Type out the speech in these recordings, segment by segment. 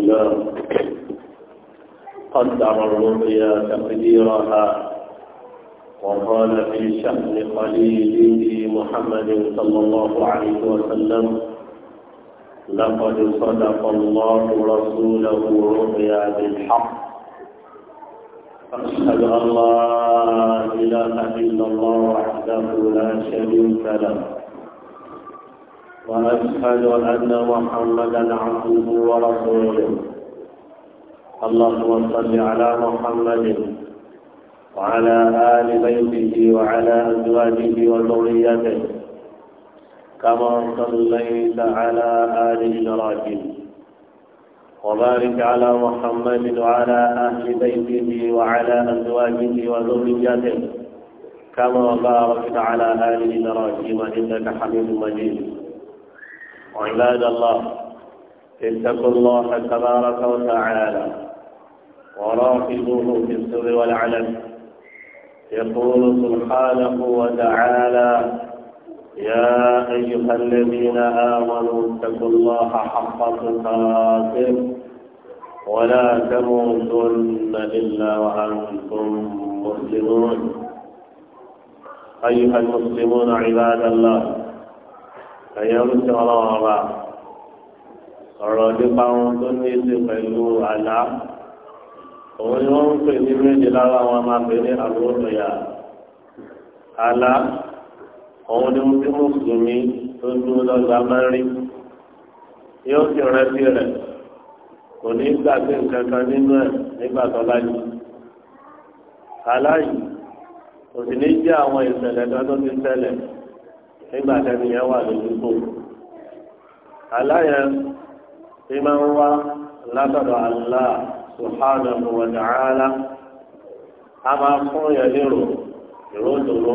الله قدر الرؤيا تقديرها وقال في شأن خليله محمد صلى الله عليه وسلم لقد صدق الله رسوله رؤيا بالحق أشهد أن لا إله إلا الله وحده لا شريك له وأشهد أن محمدا عبده ورسوله اللهم صل على محمد وعلى آل بيته وعلى أزواجه وذريته كما صليت على آل إبراهيم وبارك على محمد وعلى أهل بيته وعلى أزواجه وذريته كما باركت على آل إبراهيم إنك حميد مجيد عباد الله اتقوا الله تبارك وتعالى وراقبوه في السر والعلن يقول سبحانه وتعالى يا أيها الذين آمنوا اتقوا الله حق تقاته ولا تموتن إلا وأنتم مسلمون أيها المسلمون عباد الله ẹ̀yẹ oúnjẹ ọlọ́wọ́ ọba ọ̀rọ̀ nípa ohun tó ní í ṣe pẹ̀lú àlá òun ni wọ́n ń pè ní méje lára wọn máa pè ní àlùwọ́tòyà àlá òun ni wọ́n ti mùsùlùmí tó dúró lọ́gbà máa ń rí yóò sì rántí rẹ̀ kò ní gbàgbé nǹkan kan nínú ẹ̀ nígbà tó láyé àlá yìí kò sì ní jẹ́ àwọn ìṣẹ̀lẹ̀ kan tó ti ṣẹlẹ̀ nígbà tẹ́ni yẹn wà lójú kò aláyẹ tí máa ń wá látọ̀dọ̀ Allah subhanahu wa ta'ala a máa fún yẹn nírò ìró dòró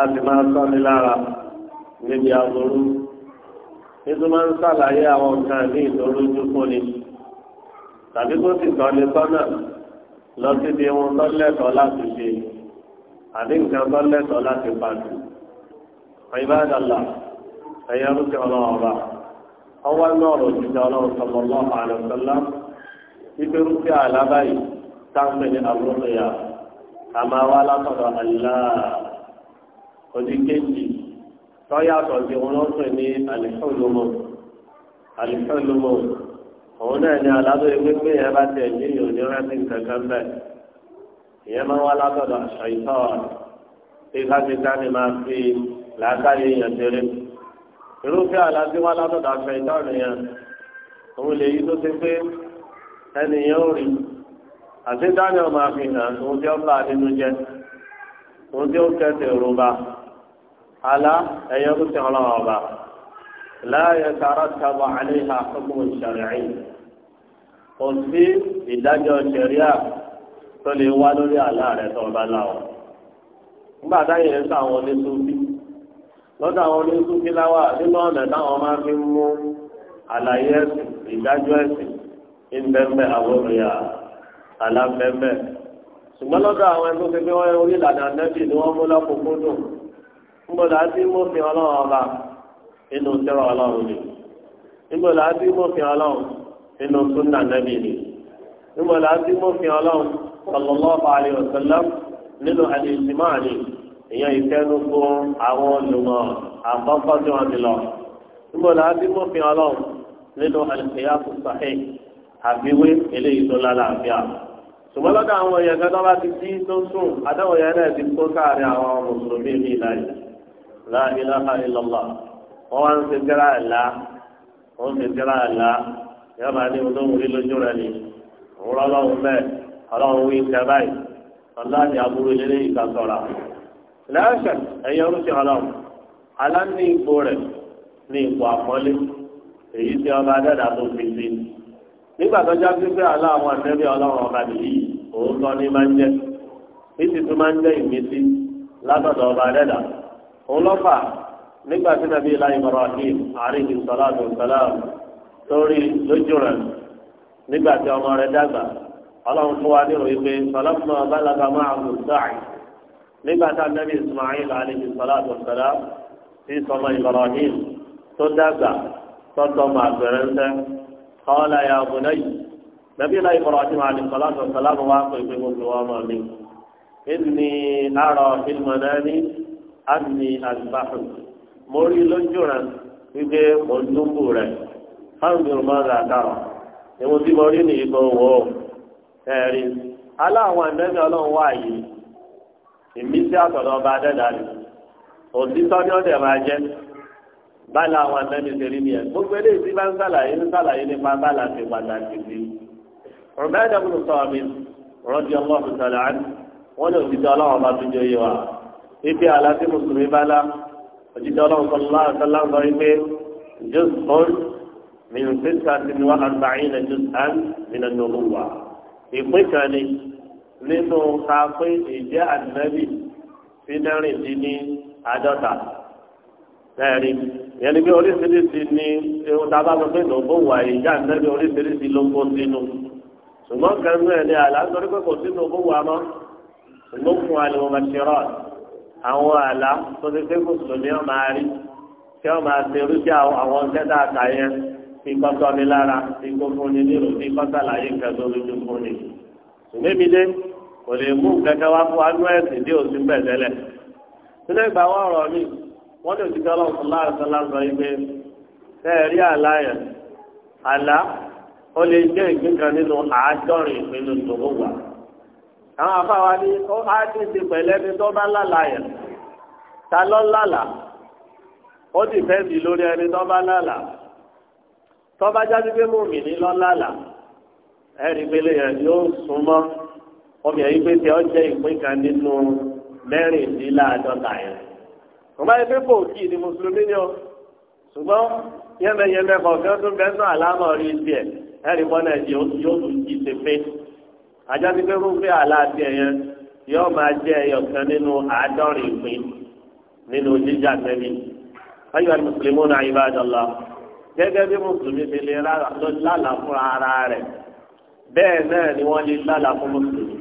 a sì máa sọ ní lára níbi aburú nítorí máa ń sàlàyé àwọn nǹkan ní ìdórójú fún ni tàbí tó sì tọ́ ni sọ́nà lọ síbi ohun tó lẹ́tọ̀ọ́ láti ṣe àbí tó lẹ́tọ̀ọ́ láti pàṣẹ. عباد الله فيرد الله أول نور جدال صلى الله عليه وسلم يبرك على بي تعمل الرقية كما ولا ترى الله وديكتي tọ́yàtọ̀ sí wọn lọ́sọ̀ ní àlìfọ́lùmọ̀ àlìfọ́lùmọ̀ òun náà ní aládùn ẹgbẹ́ pé ìyẹn bá tẹ̀ ní ìyẹn òní rántí kankan bẹ́ẹ̀ ìyẹn máa wá látọ̀dọ̀ àṣà ìtọ́ ìgbàgbé dání máa fi làákàyè yẹn ṣeré irúfẹ́ àlàáfíà wà látọ̀dọ̀ àfẹ́ ìtọ́rin yẹn òun lè yí tó ti pé ẹni yẹn ò rí àti daniel máa fi hàn òun tí ó bá nínú jẹ òun tí ó kẹsì òrùba àlá ẹ̀yẹ tó ti hàn lọ́wọ́ ọba láàyè sára tábà àléhà fún ìṣẹ̀rẹ̀ kò sí ìdájọ́ ṣẹ̀ríà tó lè wá lórí àlá rẹ̀ tó ọba láwọn. nígbà táyà ń sọ àwọn oníṣòwò lọ́dọ̀ àwọn onísúnfíláwà nínú ọ̀nà táwọn máa fi ń mú àlàyé ẹ̀sìn ìdájọ́ ẹ̀sìn ńbẹ́ńbẹ́ àwòrìyà alábẹ́ńbẹ́ ṣùgbọ́n lọ́dọ̀ àwọn ẹni tó fi gbé wọ́n orí ìlànà nẹ́bì ni wọ́n mú lọ́kùnkúndùn ńgbọ́dọ̀ á sí mọ́fin ọlọ́run ọba inú sẹ́rọ̀ ọlọ́run ni ńgbọ́dọ̀ á sí mọ́fin ọlọ́run inú súnà nẹ́bì ni ńgbọ́dọ̀ á sí mọ́fin ọlọ́run sallallahu èèyàn ìfẹ́nu fún àwọn olùmọ̀ àkọ́kọ́ tí wọ́n ti lọ. nígbà tó a ti mú fi hàn lọ́wọ́ nínú àlùfẹ́yà fún sàhẹ́ àfiwé eléyìí tó lálàáfíà. ṣùgbọ́n lọ́dọ̀ àwọn èèyàn kan tó bá ti dí tó sùn adáwọ̀ yẹn náà ti kó káàrin àwọn mùsùlùmí ní ìlànà la ilaha illallah wọ́n wá ń ṣe jẹ́ra ẹ̀lá wọ́n ń jẹ́ra ẹ̀lá yọba ní olóhùn rí lójú rẹ̀ ni òun rọ́ lọ́hùn bẹ́ẹ̀ ọlọ́run wí ń tẹ báyìí ọlọ́run àbúrò lélẹ́yìí kan sọ̀rọ̀ láṣà ẹ̀yẹ orúkọ ọlọ́run aláǹdí ipò rẹ̀ ní ipò àpọ́nlé èyí tí ọba dẹ́dà tó fi sí nígbà tó já sí pé aláwọn àtẹ́bí ọlọ́run ọba nìyí òótọ́ ní máa ń jẹ́ títí tó máa ń jẹ́ ìmísí látọ̀dọ̀ ọba dẹ́dà òun lọ́fà nígbà tí nàbí ilá Ibrahim àríkì sọláàtù sọláàmù lórí lójú rẹ̀ nígbà tí ọmọ rẹ̀ dàgbà ọlọ́run fún wa nígbà tá nẹ́bí Ismail alayhi salatu wa salam ti sọmọ Ibrahim tó dàgbà tọ́tọ́ máa bẹ̀rẹ̀ ńsẹ́ kọ́lá ya bunayya nẹ́bí náà Ibrahim alayhi salatu wa salam wá pé pé gbogbo wọn mọ̀ mi. inni ara fílmù náà ní àmì àgbàfù mo rí lójú rẹ̀ wípé mo ń fáwọn yorùbá rà dára èwo tí mo wọ̀ ẹ̀rí aláwọn àdẹ́gbẹ́ ọlọ́run wà ìmísí àtọ̀dọ̀ ọba adẹ́dà ni òtítọ́ ni ó dẹ̀ máa jẹ́ bálá àwọn ẹ̀mẹ́ni ṣe rí ni ẹ̀ gbogbo eléyìí tí bá ń sàlàyé ń sàlàyé nípa bálá ti pàtàkì sí i rọ̀bẹ́ẹ̀dẹ̀ kúrò sọ̀rọ̀ mi rọ́dí ọmọ ọ̀sán àánú wọ́n ní òtítọ́ ọlọ́run bá tún jẹ́ yé wa ife àlàsí mùsùlùmí bálá òtítọ́ ọlọ́run sọ nínú ká pé ìjẹ́ ànábì sínẹ́rìndínní àádọ́ta ẹ̀rí ìyẹn ni pé oríṣiríṣi ní ewu tá a bá sọ pé lóògùn wà ìjẹ́ ànábì oríṣiríṣi ló ń kó sínú ṣùgbọ́n kẹ́nu ẹ̀ ní àlá nítorí pé kò sínú ògùn wà mọ́ ṣùgbọ́n fún àlùmọ̀ màṣírọ̀ àwọn àlá tó ti pé mùsùlùmí ọ̀ máa rí kí wọ́n máa ṣe irú sí àwọn ṣẹ́dá àtàyẹn fi kọ́tọ́ mi lára fi kó fún ni nírò fi kọ́tàlàyé kẹ́tọ́ lójú fún ni. ìmébìdé kò lè mú kẹkẹ wá fún anú ẹsìn òsì ń bẹ tẹ́lẹ̀ nínú ìgbà wọn rọ mí wọn lè dìgbà lọ ala láàrín láńsọ yìí pé tẹẹrí àlá àlá ó lè jẹ ìpín nínú àádọ́rin ìpinnu tó wà àwọn afáwa ní ó á tó bá ta lọ lálà ó fẹ́ lọ lálà pélé yẹn yóò obìnrin pé tí ọ jẹ́ ìpín kan nínú mẹ́rìndínláàádọ́ta yẹn ọba yẹn pé kò kí ni mùsùlùmí ni ọ ṣùgbọ́n yẹmẹyẹmẹ kọ̀ọ̀kan tó bẹ́ẹ̀ sọ àlámọ̀ rí tiẹ̀ ẹ̀rí bọ́ náà yóò tún jí ti pé ajá ti pé rúfẹ́ àlàáfíà yẹn yóò máa jẹ́ ẹyọkan nínú àádọ́rin ìpín nínú jíjà tẹ́lẹ̀ ayọ̀ mùsùlùmí náà ibadallah gẹ́gẹ́ bí mùsùlùmí ti lè lálàá fún ara rẹ̀ bẹ́ẹ̀ náà ni wọ́n lè lálàá fún mùsùlùmí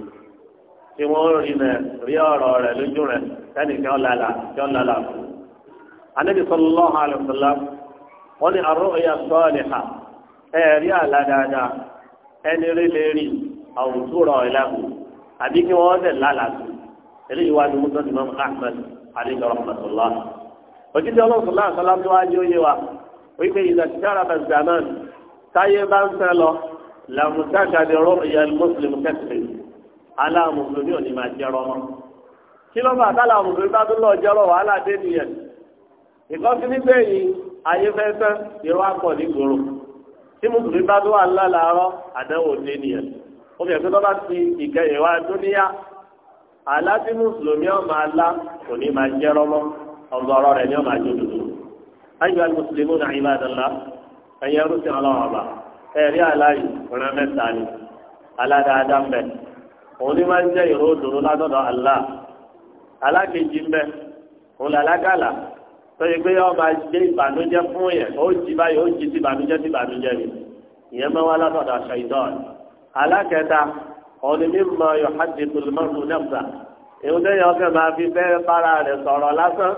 tí wọ́n rí mẹ́ rí ọ̀rọ̀ rẹ̀ lójú rẹ̀ sẹ́ni kí wọ́n lálà kí wọ́n lálà fún. anabi sallallahu alaihi wasallam wọ́n ní arru'ya saliha ẹ̀rí àlá dáadáa ẹni rí lè rí àwùjọ ìlàkù àbí kí wọ́n dẹ̀ lálà sí eléyìí wá ní mọ́tò imam ahmed alayhi rahmatullah. òjijì ọlọ́sùnlá àsálá tó wájú yé wa wípé ìdàtíjára bẹ̀ zaman táyé bá ń sẹ́ lọ làmùtájà ni ru'ya muslim kẹ́sìtì aláàmùsùlùmí ò ní máa jẹ́rọ mọ́ kí ló máa tá aláàmùsùlùmí bá tó lọ jẹ́rọ wàhálà dé nìyẹn ìkọ́sí nígbẹ̀ yìí ayé fẹ́fẹ́ ìrọ́ akọ̀ ní gbòòrò tí mùsùlùmí bá tó wà ńlá làárọ̀ àdánwò dé nìyẹn ó fi ẹ̀sìn tó bá ti ìkẹyìn wá dúníyà àlá tí mùsùlùmí ọ̀ máa lá kò máa jẹ́rọ mọ́ ọ̀gọ̀rọ̀ rẹ̀ ni ọ̀ máa jó dúdú ayọ̀ mùsùlùmí náà ìbádọ́lá òun ní máa ń jẹ́ ìró òdòdó látọ̀dọ̀ Allah alákejì ń bẹ òun làlágàlà tọ́jú pé yọ máa gbé ìbànújẹ́ fún yẹn ó jí báyìí ó jí ti ìbànújẹ́ ti ìbànújẹ́ ni ìyẹn máa wá látọ̀dọ̀ ṣàìtọ́n alákẹta òun ní mímọ yọ̀hádì tòlùmọ́tò nẹ́fà èun tẹ́yẹ ọkẹ́ máa fi fẹ́ bára rẹ̀ sọ̀rọ̀ lásán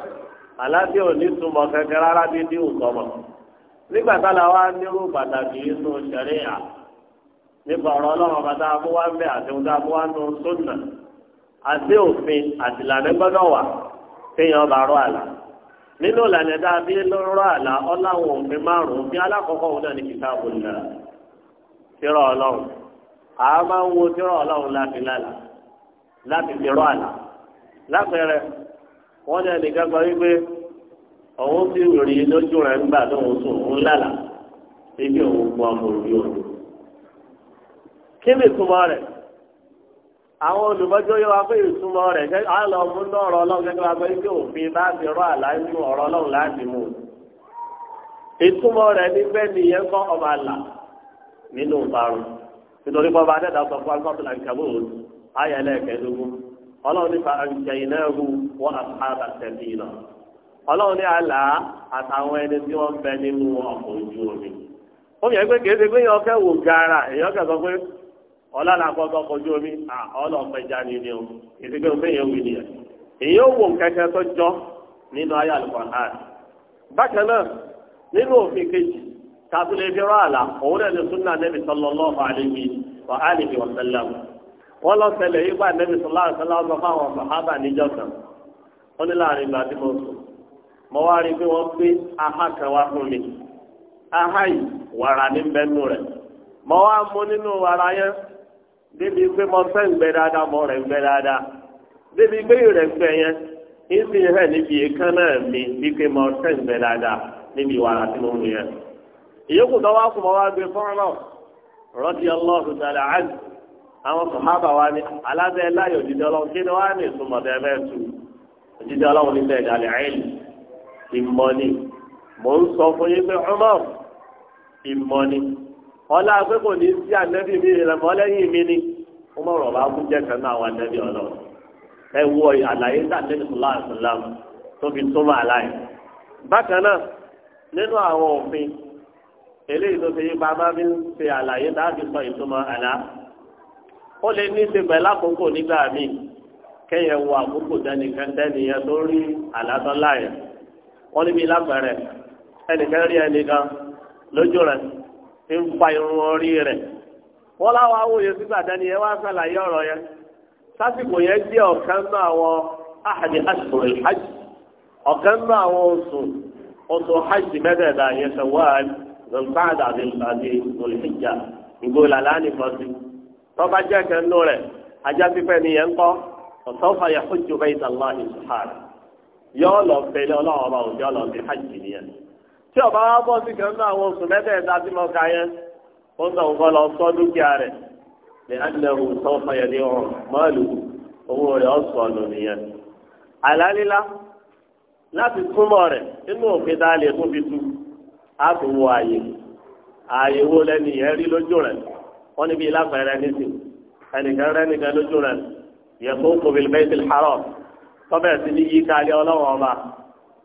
aláṣẹ ò ní túmọ̀ kẹkẹ rárá bí dín òkọ̀mọ̀ nígbà tá nípa ọ̀rọ̀ ọlọ́run ọba tá a mú wá ń bẹ àti ohun tá a mú wá ń nu sódùnà àti òfin gbọ́dọ̀ wà ọba rọ àlà nínú ìlànà tá a bí àlà ọláwọn òfin márùn-ún bí alákọ̀ọ́kọ́ òun a máa ń wo ọlọ́run láti lálà láti àlà lápẹẹrẹ ní ẹnìkan wípé òun rìn lójú rẹ̀ ńgbà tó sùn òun lálà ibi òun kí ni ìtumọ̀ rẹ̀ àwọn olùmọ́jọ́ yóò wá pé ìtumọ̀ rẹ̀ jẹ́ àlọ́ mú lọ́rọ̀ ọlọ́run gẹ́gẹ́ wá pé òfin bá fi rọ́ àlájú ọ̀rọ̀ ọlọ́run láti mú ìtumọ̀ rẹ̀ kọ́ àlà nínú ìparun nítorí pé ọba sọ fún ọlọ́run nípa náà wọ́n la na kojú omi ọlọ́pẹ́ jáde ni o ìdígbé òfin yẹn wí nìyẹn èyí ó wò kẹkẹ tó jọ nínú ayé al bákan náà nínú òfin kejì tàbí lè rọ àlà òun náà ní súnà Nabi sallallahu alaihi wa alihi alibi sallam wọn lọ yìí sàhábà níjọ kan ní láàrin ìgbà tí mo sùn mo wá rí gbé aha kan wá fún débi pé mo fẹ́ ń gbẹ dáadáa mo rẹ̀ ń gbẹ dáadáa débi pé rẹ̀ ń gbẹ yẹn ìsì hẹ̀ níbi èèkàn náà mi bí pé mo fẹ́ ń gbẹ dáadáa níbi wàrà tí mo mú yẹn. ìyókù tó wá kùmọ̀ wá gbé fọ́nrán rọ́dí ọlọ́run tàlà án àwọn sòhábà wa ni alábẹ́ láyò òjijì ọlọ́run kí ni wàá ní ìsúnmọ̀ bẹ́ẹ̀ bẹ́ẹ̀ tù òjijì ọlọ́run níbẹ̀ ìdàlẹ̀ àìlì ìmọ̀ ni mò ń sọ fún yín pé ọmọ ìmọ̀ ni ọlá pé kò ní sí ànẹ́bí mi rẹ̀ mọ́ lẹ́yìn mi ni ó mọ̀ rọ̀ bá kú jẹ́ kan náà àwọn ànẹ́bí ọlọ́run ẹ wọ àlàyé sàtẹ́lẹ̀ sọlá àṣọlá tó fi tó máa láì. bákan náà nínú àwọn òfin eléyìí tó fi yí bàbá mi ń ṣe àlàyé dáàbì sọ ìtumọ̀ àlá ó lè ní í ṣe pẹ̀lú àkókò nígbà míì kẹ́yẹ̀ wọ àkókò dẹ́nìkan dẹ́nìyẹn tó rí àlátọ́lá yẹn wọ́n níbi lápẹ̀rẹ̀ ẹnìkan rí ẹnìkan lójú rẹ̀ ń pa irun orí rẹ̀ wọ́n láwọn awòye sígbà dání ẹ wá sàlàyé ọ̀rọ̀ yẹn sásìkò yẹn jẹ́ ọ̀kan náà àwọn ahadi asùnrù hajj ọ̀kan náà àwọn oṣù oṣù hajj mẹ́tẹ̀ẹ̀dá yẹn sọ̀wọ́n zolfáàdà àti zolfíjà ìgbòlá láàánì fọ́sí tọ́ba jẹ́ kan nù rẹ̀ ajá pípẹ́ nìyẹn kọ́ ọ̀sọ́fà yẹ hujj bẹ́ẹ̀ sàlá ìṣùhàr yọ ọ lọ fẹ́lẹ́ ọlọ́wọ́ bá lọ sí hajj nìyẹn. tí ọba wa bọ́ sí kan náà àwọn oṣù mẹ́tẹ̀ẹ̀ta tí mo kà yẹn ó ń tọ̀ nǹkan lọ sọ dúkìá rẹ̀ lè ánilẹ̀hùn tó fọyẹ̀ ní ọ̀rùn mọ́ọ̀lù owó rẹ̀ ọ̀sọ̀ ọ̀nà nìyẹn. àlálílá láti túmọ̀ rẹ̀ nínú òfin tá a lè fún fi tu á tún wo àyè àyè wo lẹ́nu yẹn rí lójú rẹ̀ wọ́n níbi ìlàfẹ̀rẹ̀ nísìn ẹnìkan rẹ̀ nìkan lójú rẹ̀ yẹ kó kòbìlì bẹ́ẹ̀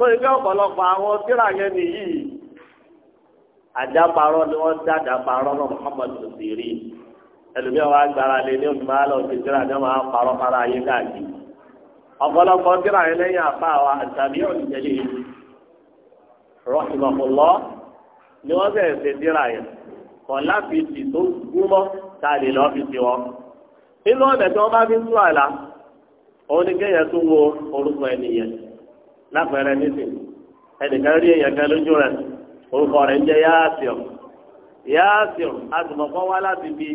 tó ibi ọ̀pọ̀lọpọ̀ àwọn tíra yẹn nìyí àdáparọ́ ni wọ́n dá àdáparọ́ náà Muhammadu sèré ẹlòmíà wa gbára lé ní oṣù máa lọ sí tíra ní wọn parọ́ para ayé káàkiri ọ̀pọ̀lọpọ̀ tíra yẹn lẹ́yìn àpá wa àtàbí ọ̀nìyẹlẹ rọ́ọ̀kìmọ̀kùnlọ́ ni wọ́n fẹ́ẹ́ ṣe tíra yẹn kọ̀ láti ti tó gúnmọ́ tá a lè fi ti wọn inú ọ̀nà tí wọ́n bá fi ń tú àlà òun ni kéèyàn tún wo orúkọ ẹnìyẹn lápẹẹrẹ nísìn ẹnìkan rí èèyàn kan lójú rẹ orúkọ rẹ ń jẹ yáàsìọ yáàsìọ àtùmọ̀kọ́ wá láti fi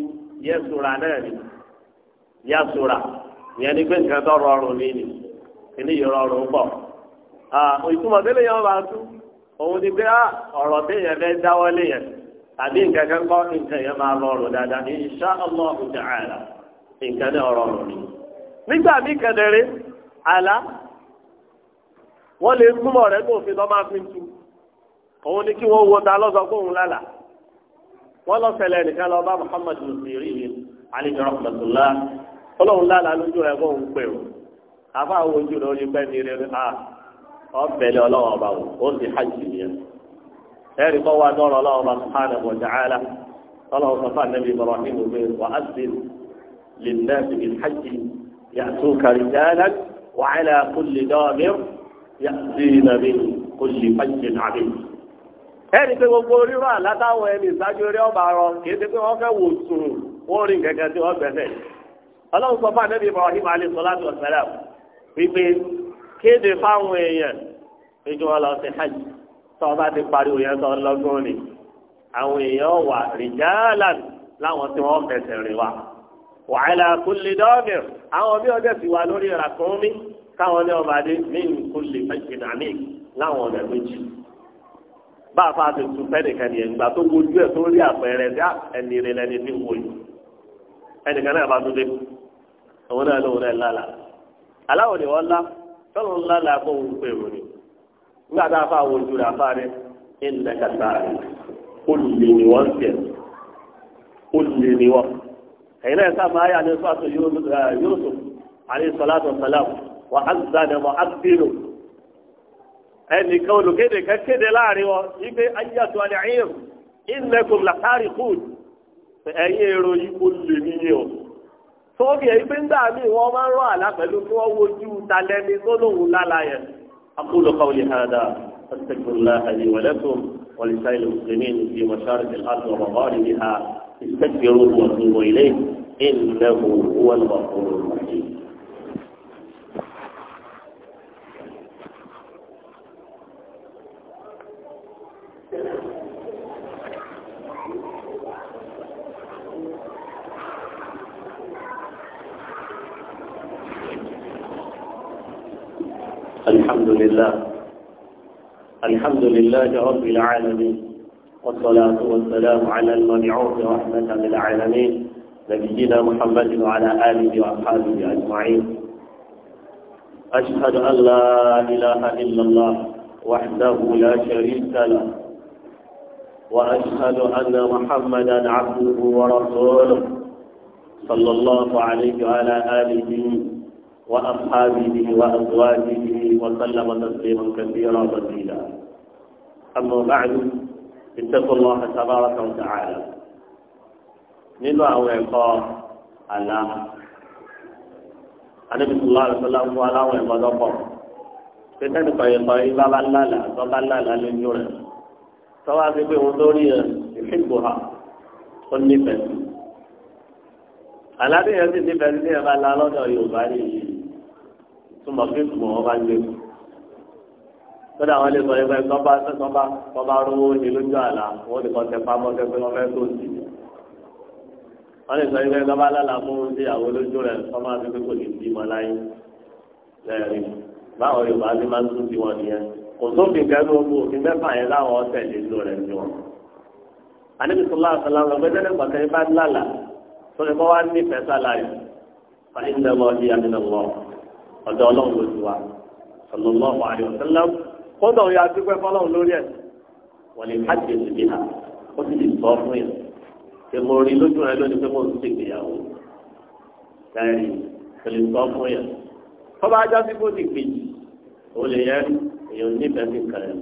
yẹsùrà náà ni yẹsùrà ìyẹn ni pé nǹkan tó rọrùn ní ni kìíní yìí rọrùn pọ̀ ìtumọ̀ tẹ́lẹ̀ yẹn wà tú òun ni pé ọ̀rọ̀ téèyàn fẹ́ dáwọ́ lé yẹn nǹkan kan kọ́ nǹkan yẹn máa rọrùn dáadáa ní nǹkan náà rọrùn ni. nígbà mí àlá wọ́n lè túmọ̀ rẹ̀ tó fi lọ́ máa fi tu òun ni kí wọ́n wo ta lọ́sọ fóun lálà wọ́n lọ sẹlẹ̀ nìkan lọ bá Muhammad musiri yìí alẹ́ rahmatullah ọlọ́run lálà lójú rẹ̀ fóun pè o àfa àwọn ojú rẹ̀ ó lè pẹ́ ní rere a ọ̀bẹ̀lẹ̀ ọlọ́run ọba o ó sì hajj nìyẹn ẹ̀rí kọ́ wa dọ́rọ̀ ọlọ́run ọba subhanahu wa ta'ala ọlọ́run sọ fún anabi ibrahim obe wa asin lè nẹ́ẹ̀sì hajj ya'tuka rijalan wa ala kulli yàtìnà mi kò lè fàjì nàbí. ẹni pé gbogbo rírọ àlátáwọn ẹni ìsájú rí ọba rọ kìí ṣe pé wọn fẹ́ wò sùn wọn rìn gẹ́gẹ́ tí wọn gbẹsẹ. ọlọ́run sọ fún anábì ibrahim alayhi salatu wa salam wípé kéde fáwọn èèyàn péjọ wọn lọ sí hajj tó ọba ti pariwo yẹn tó lọ́gbọ́n ni àwọn èèyàn wà rìjálàn láwọn tí wọ́n fẹsẹ̀ rìn wa. wàhálà kúlì àwọn bí ọjọ́ ti wà lórí ràkúnmí káwọn ní ọba dé mímu kó lè fẹsẹ̀ dàmí láwọn ọ̀nà méjì bá a fa tuntun fẹ́ nìkan yẹn gbà tó wojú ẹ̀ tó rí àpẹẹrẹ dá ẹni rẹ lẹni ní wòye ẹnìkan náà bá tó dé òun náà lóun náà lálà aláwọ̀ ni wọ́n lá tọ́lọ̀ ńlá la kó ń pè wọ́n ni nígbà tá a fa wojú rẹ̀ afá rẹ̀ ẹ̀ ń lẹ́ka sáà olùlé ni wọ́n ń tẹ̀ olùlé ni wọ́n ẹ̀yin náà sábà ayé àdéhùn wà á zàdẹ̀ wà á bírò ẹnìkan olùkéde kan kéde láàrin wọn wípé ayé àti wàlẹ̀ ayéhùn ìnlẹ̀kùn làkàrí kùn ẹ̀yìn èrò yìí kò lè níyẹ o sọ́ọ̀bì ẹ̀yìn pé ń dà mí wọ́n máa ń rán àlá pẹ̀lú kí wọ́n wojú talẹ́ni tó lóun lálá yẹn أقول قولي هذا أستغفر الله لي ولكم ولسائر المسلمين في مشارق الأرض ومغاربها استغفروه واتوبوا إليه الحمد لله الحمد لله رب العالمين والصلاة والسلام على المبعوث رحمة للعالمين نبينا محمد وعلى آله وأصحابه أجمعين أشهد أن لا إله إلا الله وحده لا شريك له وأشهد أن محمدا عبده ورسوله صلى الله عليه وعلى آله وأصحابه وأزواجه وسلم تسليما كثيرا مزيدا أما بعد اتقوا الله تبارك وتعالى نضع وعقاب على النبي صلى الله عليه وسلم وعلى وعقاب fẹtẹni kọyìnkọ yìí bá bá lálà tó bá lálà lójú rẹ tọwọ àti pé òun tó rí ẹ ìfìgbò ha ó nífẹ̀ẹ́ alábìyẹn sì nífẹ̀ẹ́ sí ẹ bá la lọ́dọ̀ Yorùbá nìyí tó mọ̀ pé kùmọ̀ wọn bá gbé mu. Sọ́dọ̀ àwọn ilé sọ̀rọ̀ ìfẹ́ tọ́ba tọ́ba tọ́ba rówó ní lójú àlá wọ́n ti kọ́ tẹ pamọ́ tẹ pé wọ́n fẹ́ tó sí. Wọ́n lè sọ ìfẹ́ tọ́ba lálàá fún sí àwọn olójú rẹ̀ tọ́ba ti pé kò ní bí mọ́ láyé lẹ́rìn. Báwo Yorùbá ti máa ń tún sí wọn nìyẹn? Kò sófin kẹ́nu ogun òfin mẹ́fà yẹn láwọn ọ̀sẹ̀ lè lò rẹ̀ sí wọn. Àníbi sọ́lá àṣàlá rẹ̀ gbẹ́dẹ́rẹ́ pàtẹ́ bá lálàá sọ́dọ̀ kọ́ wá nífẹ̀ẹ́ sálàyé. Fàyín lẹ́wọ́ di àmì lọ́wọ́ ọ̀dọ̀ ọlọ́run ló ti wá sallallahu alaihi wasallam kódà òun yà lórí ẹ̀ wọ́n lè hajj èsì bí ha ó sì lè sọ fún yẹn pé mo rí lójú rẹ lónìí pé mo ń ṣe ìgbéyàwó kẹrin kò lè sọ fún yẹn tọ́ba ajá sí bó ti kejì ó lè yẹ èèyàn nífẹ̀ẹ́ sí kẹrin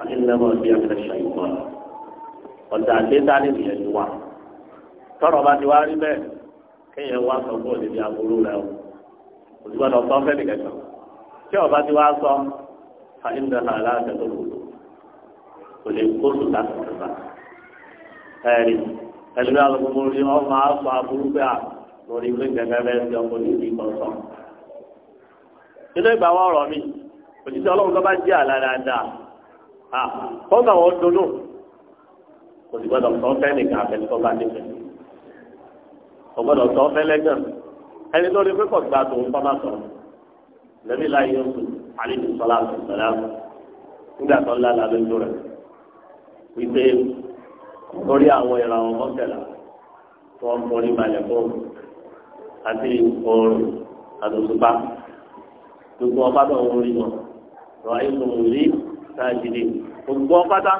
àti nígbà bí ẹ̀fẹ̀ ṣàyẹ̀wò ọ̀dà àdédáni nìyẹn ti wá tọ́rọ̀ bá ti wá rí bẹ́ẹ̀ kéèyàn wá sọ fún òde aburú rẹ o òṣùgbọ́n ọ̀sán fẹ́ nìkan kan tí ọba ti wá sọ fàyínbẹ̀ hàlá àtẹ̀tọ̀ lòlò kò lè kó sùn láti sọ̀tà ẹ̀rí ẹ̀lú àwọn gbogbo orí wọn máa sọ aburú pé à lórí pé gẹ́gẹ́ bẹ́ẹ̀ ti ọkọ̀ ní ìdí kan sọ. nínú ìgbà wọn rọ mi òṣìṣẹ́ ọlọ́run tó bá jẹ́ àlá dáadáa fọ́nà wọn dunu kò sì gbọ́dọ̀ sọ fẹ́ nìkan bá nífẹ̀ẹ́ kò gbọ́dọ̀ sọ fẹ́ lẹ́gàn ẹni tó lè pẹ́kọ̀ gba tòun bábá sọ̀rọ̀ lẹ́bí láyé oṣù àlejò sọlá sọ̀rọ̀ nígbà tó ńlá la lójú rẹ̀ wípé lórí àwọn ìràwọ̀ mọ́kànlá tó ń borí balẹ̀ fún àti oòrùn àdùnsùpá gbogbo ọba tó ń wọlé lọ lọ ayé tó ń rí sáàjìlì gbogbo ọpátá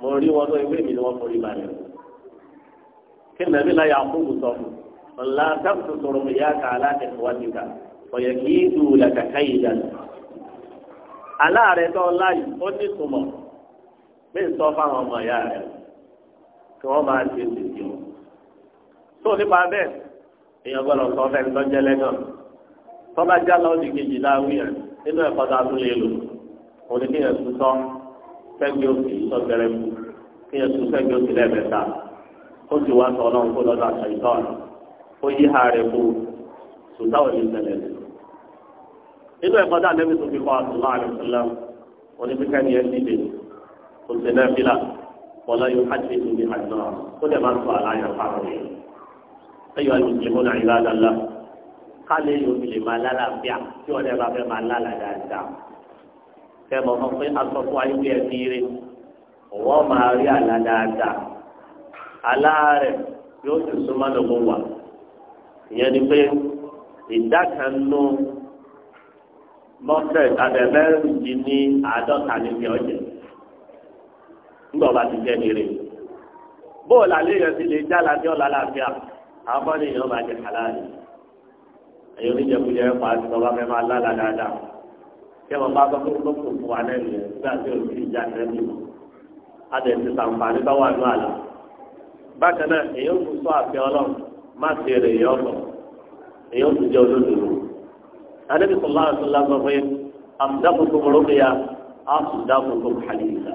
mo rí wọn tó ẹgbẹ́ mi ni wọ́n borí balẹ̀ kí nàbí láyé àkókò sọ fún un ńlá sábùtù sọ̀rọ̀ mi yá ká aláàtẹ̀síwájúkà ọ̀yẹ̀ kì í dù làkàkà yìí dànù. aláàrẹ̀ tó ńlá yìí ó ní sùmọ̀ bí n sọ fáwọn ọmọ ìyá rẹ̀ kí wọ́n máa ṣe ìdíje o. tó nípa bẹ́ẹ̀ èèyàn gbọ́dọ̀ sọ fẹ́ẹ́ lọ́jẹ́ lẹ́gàn tọ́ba já lọ di kejì láwùyàn nínú ẹ̀kọ́ tá a tún lè lò òun ni kéèyàn tún sọ fẹ́gbẹ́ òsì sọ́gbẹ́rẹ́ fún kéèyàn tún fẹ́gbẹ́ òsì lẹ́ẹ̀mẹ́ta ó sì wá sọ ọlọ́run kó lọ́dọ̀ àṣà ìtọ́ ọ̀nà ó yí ha rẹ̀ kú sùtá ò ní ṣẹlẹ̀ lẹ̀. inú ẹ̀kọ́ tá a lẹ́bi tó fi kọ́ àtúnlá àlùfẹ́lá oníbíkà ni ẹ̀ ń dìde kò sí náà fílà wọlé yóò hajj ní ibi hajj náà ó dẹ̀ máa ń sọ fáwọn yẹn. ẹ̀yọ́ àlùfẹ́lá náà ìlà àdàlá kálí yóò lè máa lálàáfíà tí wọ́n dẹ̀ bá fẹ́ máa lálàá dáadáa. kẹ́mọ̀ ọmọ pé aṣọ fún ayé bí ẹ ti rí wọ́n máa rí àlá dáadáa. aláàárẹ̀ yóò sì súnmọ́ lọ́gbọ̀n wà ìyẹn ni pé ìdá kan nù mọ́tẹ̀ abẹ́mẹ́rìndì ní àádọ́ta ní fi ọ̀jẹ̀ ńgbọ̀ bá ti jẹ́ nírè bóòlù àlẹ́ yẹn ti lè já lábẹ́ ọ̀la láàbíà àwọn bọ́ọ̀lù yẹn máa jẹ kàláàlì ẹ̀yọ́ oníjẹkújẹ pa àti bàbá fẹ́ máa lálà dáadáa kí ẹ máa bá bá fún lókùn fún wa lẹ́nu yẹn nígbà tí o ti já lẹ́nu mọ́ adẹ̀ ti sàǹfààní bá wà ní àlà bákan náà èyí ó kú sọ àfẹ́ ọlọ́run má ṣe rè yọ ọkọ èyí ó ti jẹ olódodo adébí sọlá àtúnlá sọ pé àmúdàkùnkùn mọlókèyà àmúdàkùnkùn hàlìyà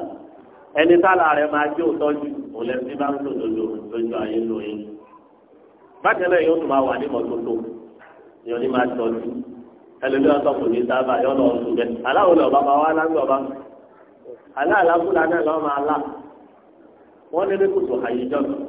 ẹni tálà rẹ máa jẹ òtọjú òlẹ tí bá ń lòdòdò lójú ayé lóyún bákan náà yóò tún máa wà ní mọ́tótó ni òní máa tọ́jú ẹlòmíràn tó kò ní sábà yọ lọ sùn bẹ aláwo lọ bàbá wa lágbàbá aláàlágbó lánàá lọ máa lá wọn lé ní kòtò àyíjọ kan.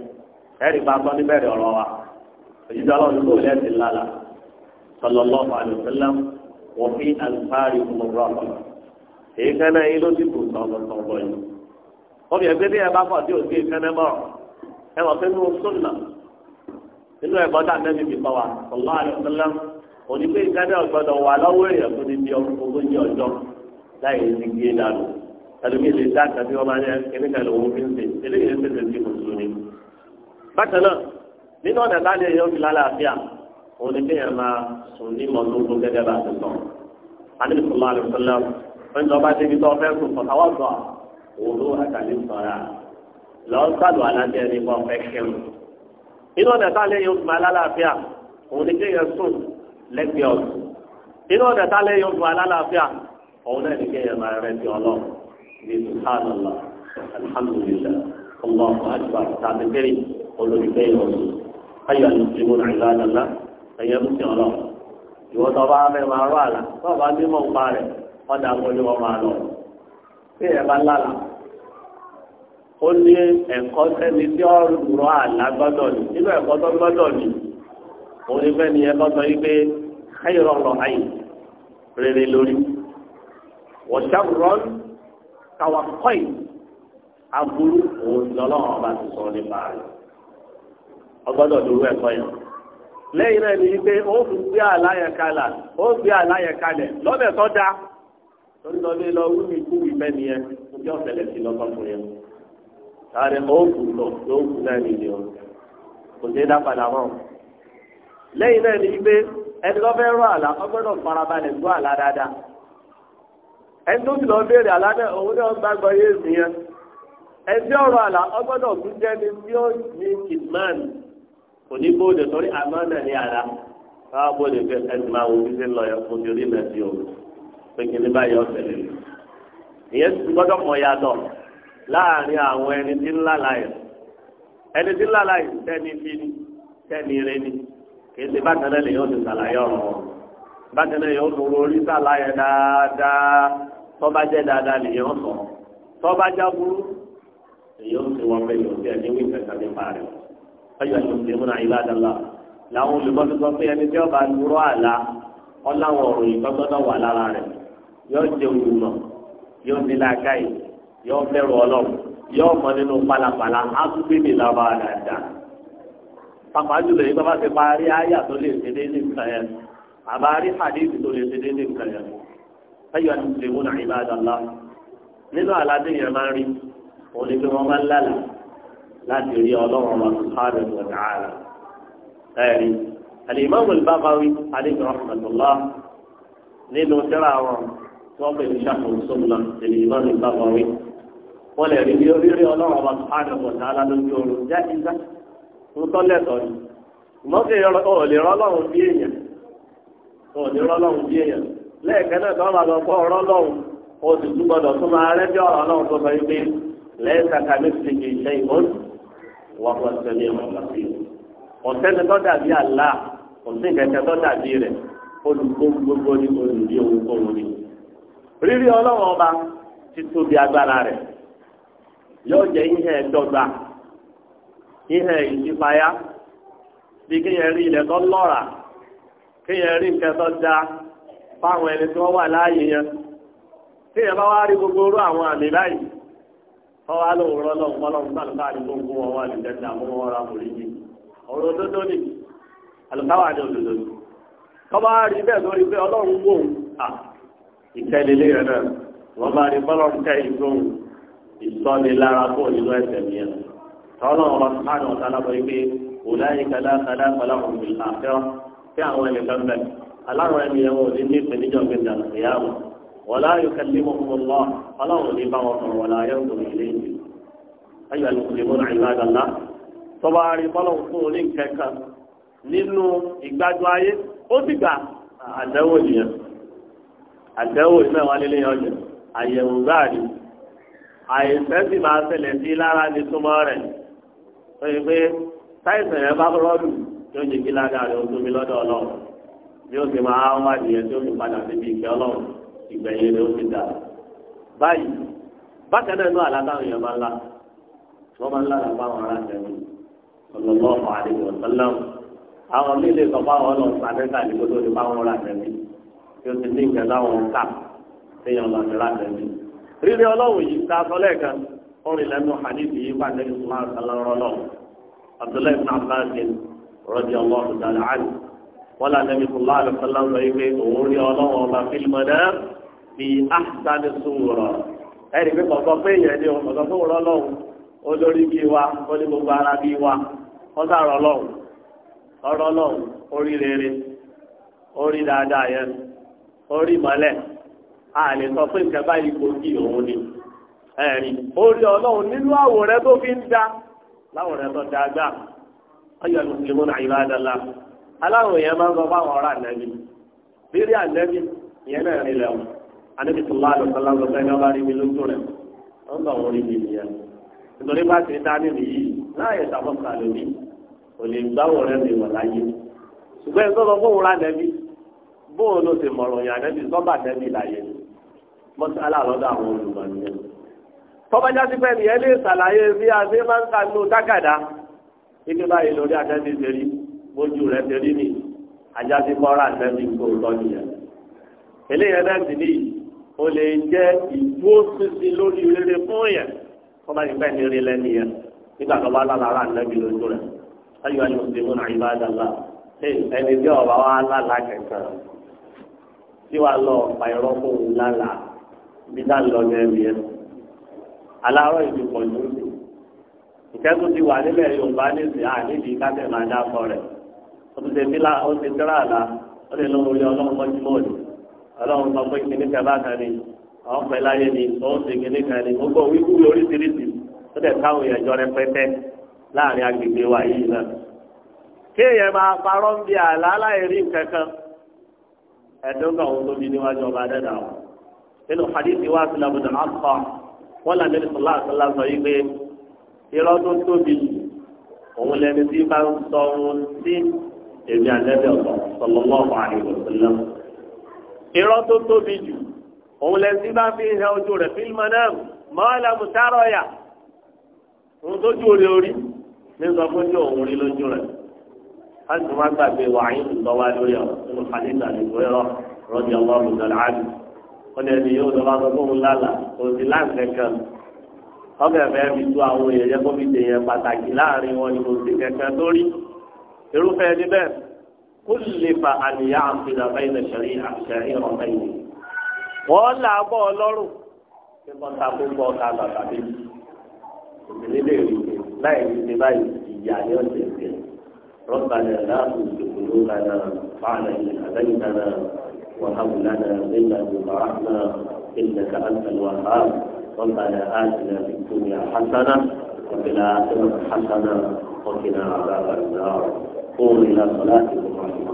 ẹ̀rí bá tọ́ níbẹ̀rẹ̀ ọ̀rọ̀ wa òjijì ọlọ́run kò lẹ́sì lálà sọlọ́lọ́ọ̀fù àlùfẹ́lẹ́m òfin àlùfáàrí mọ̀rọ̀lọ́ èyí kẹ́nẹ́ yín ló ti kù tọ̀gbọ̀tọ̀gbọ̀ yìí wọ́n yẹ pé bí ẹ bá kọ̀ tí ò sí ìkẹ́nẹ́ mọ̀ ẹ wọ́n pé nínú sọ́nà nínú ẹ̀kọ́ tá a nẹ́bi fi kọ́ wa sọlọ́ àlùfẹ́lẹ́m òní pé ìkẹ́nẹ́ ọ̀gbọ́dọ̀ wà lọ́wọ́ èèyàn tó ti di ogójì bákan náà nínú ọ̀nà láti ẹ̀yọ́ fi lálàáfíà òun ni kéèyàn máa sùn ní mọ́tòkó gẹ́gẹ́ bá ti sọ. alẹ́ sọ̀rọ̀ alẹ́ sọ̀rọ̀ fún ìjọba débi tó fẹ́ sùn fọ̀tàwọ̀ sọ òun ló àtàlẹ́ sọ̀rọ̀ lọ sàlù alájẹ ní bọ́ fẹ́ kẹrù. nínú ọ̀nà táwọn ẹ̀yọ́ fi máa lálàáfíà òun ni kéèyàn sùn lẹ́gbẹ̀ẹ́ ọ̀sùn. nínú ọ̀nà táwọn ẹ̀yọ́ fi máa lálàáfíà òun náà ni kéèyàn máa rẹ̀ ti ọlọ́run ní subhanallah alhamdulillah olùdíkẹ́ ìrọ̀lù ayọ̀ ní ti mú nàìjíríà dàgbà ẹ̀yẹ mú sí ọlọ́ ìwọ tó bá fẹ́ máa rọ àlà tó bá bí mọ̀ nípa rẹ̀ wọ́n dà wọlé wọn máa lọ bí ẹ̀ bá lálà ó ní ẹ̀kọ́ sẹ́ni tí ó rọ àlà gbọ́dọ̀ ní nínú ẹ̀kọ́ tó gbọ́dọ̀ ní òun ni fẹ́ ni ẹ̀kọ́ sọ yí pé lọ ayé rere lórí wọ̀ṣàwùrọ̀ káwà kọ́ì òun lọ́lọ́run ọba ti sọ nípa rẹ̀. ọgbọ́dọ̀ lówó ẹ̀kọ́ yẹn lẹ́yìn náà ni wípé ó fi gbé àláyẹ̀kalà ó gbé àláyẹ̀kalẹ̀ lọ́bẹ̀ tó da torí lọ lé mi kú wí nìyẹn ojú ọ̀sẹ̀lẹ̀ sí lọ́kọ̀ọ̀kùn yẹn sáré ó kù lọ ló o kò dé dá padà mọ́ lẹ́yìn ni wípé ẹni lọ́ fẹ́ àlá ọgbọ́dọ̀ farabalẹ̀ gbọ́ àlá dáadáa ẹni tó lọ béèrè àlá náà kò ní bóde torí àmọ́nà ní ara káwá bóde fẹ́ ẹni máa wo bí ṣe ń lọ yọ fún torí náà o pé kí ní báyìí ọ̀sẹ̀ ìyẹn ti gbọ́dọ̀ mọ̀ yàtọ̀ láàrin àwọn ẹni tí ń lálàyé ẹni tí ń lálàyé sẹ́ni fi ni sẹ́ni rẹ ni kì í ṣe bákan náà lè yọ ti sàlàyé ọ̀rọ̀ wọn bákan náà yọ lòrò orí sàlàyé dáadáa tọ́ba jẹ́ dáadáa lè yọ sọ̀rọ̀ tọ́ba já burú èyí ó ti wọ́n fẹ́ yọ̀ sí ẹni ayọ̀ ìmùsùlùmí ìbádàlá làwọn olùkọ́ ti sọ pé ẹni tí ọba nurọ́ àlá ọláwọ̀ ọ̀rọ̀ ìtọ́gbọ́dọ̀ wà lára rẹ̀ yóò jẹ olùmọ̀ yóò ní làákàyè yóò bẹ̀rù ọlọ́run yóò mọ nínú palapala ákúgbèmí làwọn àdàdà pàpà jùlọ yìí bàbá ti parí àyà tó lè ṣe déédé nǹkan yẹn àbá rí hadith tó lè ṣe déédé nǹkan yẹn ayọ̀ ìmùsùlùmí ìbádàlá nínú àlá láti rí ọlọ́run wa sùhánù wa ta'ala. ẹ̀rí alimami al-Baghawi aleyhi rahmatullah nínú sẹ́ra wọn tí wọ́n pè ní sàkóso sọ́mùnà alimami al-Baghawi wọ́n lè rí rírí ọlọ́run wa sùhánù wa ta'ala lójú oorun jẹ́ ìjà tó tọ́lẹ̀tọ̀ ni. ìmọ̀sí ọ̀lẹ́ rọ́lọ́run bí èèyàn ọ̀lẹ́ rọ́lọ́run bí èèyàn lẹ́ẹ̀kẹ́ náà tó máa lọ kọ́ ọ̀rọ̀ tó máa rẹ́jọ́ ọ̀rọ̀ lọ́hùn tó sọ yìí pé lẹ́ẹ̀ka kàmí ti wọ́n kọ́ sẹ́mi ọ̀nà sí i. ọ̀sẹ́ni tó dàbí àlá ọ̀sìn tó dàbí rẹ̀ olùgbogbo ní olùdí rírí ọba ti tóbi agbára rẹ̀ yóò jẹ́ ihe ẹ̀dọ́gba ihe ìdípayá bí kéèyàn rí ilẹ̀ tó lọ́ra kéèyàn rí nǹkan tó dáa fáwọn ẹni tí wọ́n wà láàyè yẹn kéèyàn bá wá rí gbogbo ọwọ́ alóòrán lọ́wọ́ mọ́lọ́wọ́ sálùkà ní gbogbo wọn wà nígbà tí àwọn ọmọ ọ̀rọ̀ àforíjì ọ̀rọ̀ òdodo ni àlùkáwà ní òdodo ni kọ́ba rí bẹ́ẹ̀ lórí pé ọlọ́run wò ó à ìkẹ́lélé rẹ̀ náà wọ́n bá rí bọ́lọ́run kẹ́ ìgbóhùn ìsọ́nilára kó nínú ẹ̀sẹ̀ mi ẹ̀ tọ́lọ́run ọba sùpáàdì ọ̀tá lábọ́ pé òláyé ولا yukallimuhum الله ọlọ́run ní ولا wọn sọ̀rọ̀ أيها المسلمون عباد الله yìí ayọ̀ alùpùpù náà ìlú àdàlá tọ́ba rí bọ́lọ́hùn fún orí kẹ̀kẹ́ nínú ìgbádùn ayé ó ti gbà àdẹ́wò nìyẹn àdẹ́wò náà wà nílé ọjà àyẹ̀wò gbáàdì àìsẹ́ sì máa ṣẹlẹ̀ sí lára ní súnmọ́ rẹ̀ tó pé táìsàn yẹn bá rọ́ọ̀dù yóò jẹ́ kí ládàá rẹ̀ ó tóbi lọ́dọ̀ ọlọ́run bí ó sì máa wá nìyẹn tí ó fi padà síbi ìgbẹ́ ọlọ́run ìgbẹ̀yìn ló ti dà báyìí bákan náà náà alábáwọn èèyàn máa ń la wọn máa ń la làbáwọn ará ìjẹun ọlọmọ ọmọdé wọn sọláwọn àwọn mílíọnù sọpá wọn lọ sàdéka nígbà tó ti bá wọn rà tẹ̀lé tí ó ti ní ìgbà láwọn ká téèyàn lọ sí rà tẹ̀lé rírí ọlọ́run yìí ta sọ lẹ́ẹ̀kan orin lẹ́nu hadith yìí bá tẹ̀lé sùnmọ́ àtàlọ́rọ́ lọ́wọ́ abdullahi ibn abbas rọ́bì ọlọ́run dàlẹ́ àlù wọn là fi ahsan suwura ẹni pé kọ̀ọ̀kan pé èèyàn ni òun kọ̀ọ̀kan fún òun olórí bíi wa ó ní gbogbo ara bíi wa ó sàrọ̀ lọ́wọ́ ọ̀rọ̀ lọ́wọ́ orí rere orí dáadáa yẹn orí mọ́lẹ̀ a lè sọ pé nǹkan báyìí gbòógì òun ni orí ọlọ́run nínú tó fi ń da tó àdébí tó láàlú sọláńgọ sẹ́yìn ọba rí mi lójú rẹ̀ ó ń bọ̀ wọ́n rí mi nìyẹn nítorí bá ti dá níbi yìí láàyè sàmọ́sà lómi kò lè gbáwò rẹ̀ mi wọ̀ láyé ṣùgbọ́n ẹ̀sọ́ lọ fóun rà nẹ́bí bóun ló ti mọ̀rọ̀ yàn nẹ́bí sọ́bà nẹ́bí láyé mọ́sálà lọ́dọ̀ àwọn olùmọ̀ nìyẹn tọ́bajá sí pẹ́ẹ́nì yẹn lè ṣàlàyé bí a ṣe máa ń ka nínú tákàdá ibi báyìí lórí àtẹ́bí ṣe ó lè jẹ́ ìdúró sísí lórí rere fún yẹn tó bá ti pẹ́ ní rere lẹ́nu yẹn nígbà tó bá lára ara nẹ́bí lójú rẹ̀ ayọ̀ ayọ̀ ṣe mú nàìjíríà dàgbà ẹni bí ọba wa lálàá kẹ̀kẹ́ tí wàá lọ ọ̀pá ẹ̀rọ fún un lálàá bí dá lọ ní ẹ̀mí ẹ̀ aláwọ̀ ìlú pọ̀ ní oṣù ìkẹ́kọ̀ọ́ ti wà nílẹ̀ yorùbá níbi àníbi káfẹ́ máa dá fọ́ rẹ̀ ó ti ṣe tíra àlá lè lọ́wọ́ orí ọlọ́mọ mọ́jú mọ́ọ̀lù ọlọ́run sọ pé kìnnì kan bá kan ni àwọn pẹ̀lú ayé ni ó ń ṣe kìnnì kan ni gbogbo wíwú oríṣiríṣi ó dẹ̀ káwọn èèyàn jọ rẹpẹtẹ láàrin agbègbè wa yìí náà. kéèyàn máa parọ́ ń bi àlá láìrí kankan ẹ̀dùn kan òun tóbi níwájú ọba dẹ́dà wọn. nínú hadith wa sílẹ̀ bùdà àkọ́ wọn là nílùú sọlá àtọ́lá sọ yìí pé irọ́ tó tóbi òun lẹni tí bá ń sọ ohun tí èmi àlẹ́ bẹ̀ ọ̀tọ̀ sọlọ́mọ́ ọ̀hún àríwọ̀ sílẹ̀ irọ́ tó tóbi jù òun lẹ́sí bá fi hàn ojú rẹ̀ fílmù náà mọ́ọ́lá mùsàrọ̀yà òun tó ju olè orí ní sọ fún ojú òun rí lójú rẹ̀ a sì máa gbàgbé wàhíì lọ wá lórí ọ̀rọ̀ nínú kàdídà nínú ẹ̀rọ rọ́bì ọlọ́run dọ̀lá àdì wọn ni ẹni yóò lọ sọ fún lálà òsì láǹkẹ́ kan ọbẹ̀ fẹ́ fi tú àwọn èèyàn kó fi dèèyàn pàtàkì láàrin wọn ni òsì kẹ̀kẹ́ lórí irúfẹ́ ẹni bẹ́ẹ̀ كلف أن يعقد بين شريعة شائرة بيني قال أبو لورو كما تقول بوكا لا تبين لا يجب ما يعني ربنا لا تزغ قلوبنا بعد إن هديتنا وهب لنا من لدنك إنك أنت الوهاب ربنا آتنا في الدنيا حسنة وفي الآخرة حسنة وقنا عذاب النار قوموا إلى صلاتكم